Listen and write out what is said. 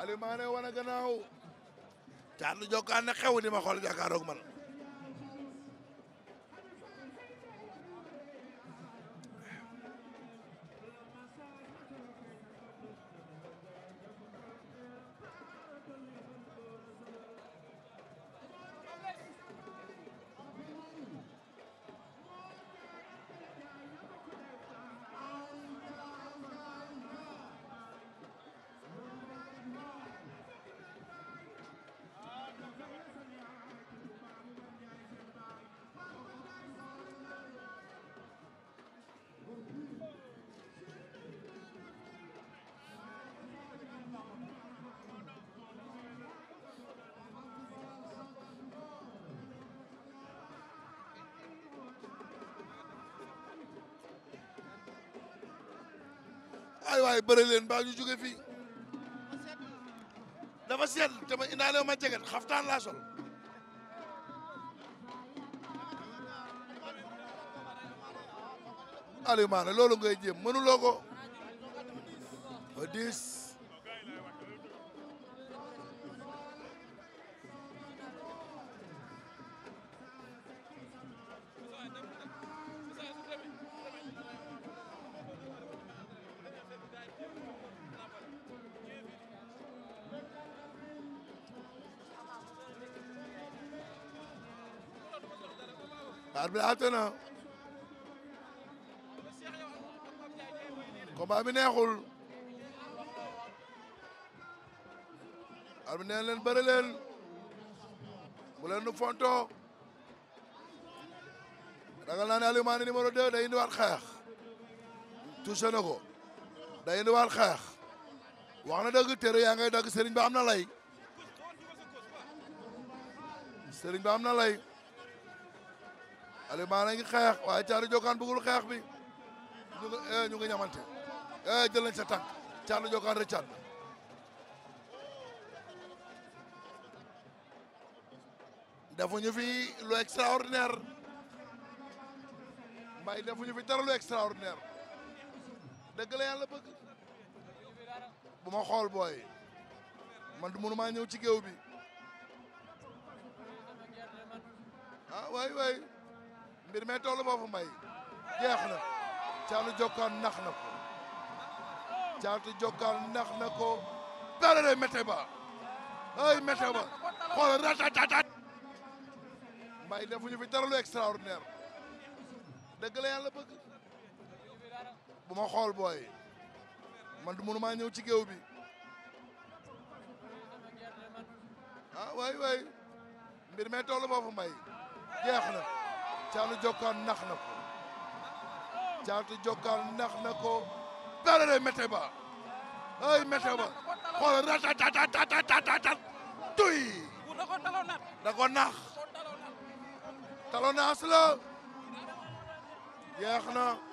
Aliou Mané wane gannaaw caatu jokkaan ne xew di ma xool jàkkaaroog man ay waay bëri leen ba ñu jóge fii dafa seet te ma indaale ma jeget xaftaan laa sol Aliou loolu ngay jéem mënuloo ko ba diis arbitre àtte na combat bi neexul arbitre neen leen bëri leen bu leen fonto ragal naa ne yal Mané numéro 2 day indiwaat xeex touché na ko day indiwaat xeex wax na dëgg téere yaa ngay dagg sëriñ ba am na lay sëriñ ba am na lay Aliou Mané ngi xeex waaye Thiatou Diokane bëggul xeex bi ñu ngi ñu ngi ñamante jël nañ sa tànk Thiatou Diokane rëccaat na defuñu fi lu extraordinaire mbay defuñu fi dara lu extraordinaire dëgg la yàlla bëgg bu ma xool man du mënumaa ñëw ci géew bi ah waay waay mbir mi toolu boobu mbay jeex na caatu jokkaan nax na ko caatu jokkaan nax na ko dara de mété ba ay mété ba xool ratatatat mbay defuñu fi dara lu extraordinaire dëgg la bëgg bu ma xool booy man du mënumaa ñëw ci géew bi ah waay waay mbir mi toolu boobu mbay jeex na caatu jokkaan nax na ko caatu jokkaan nax na ko darare mété ba ay mété ba xool ratatatatatatatat tuy da ko nax talonaas la yeex na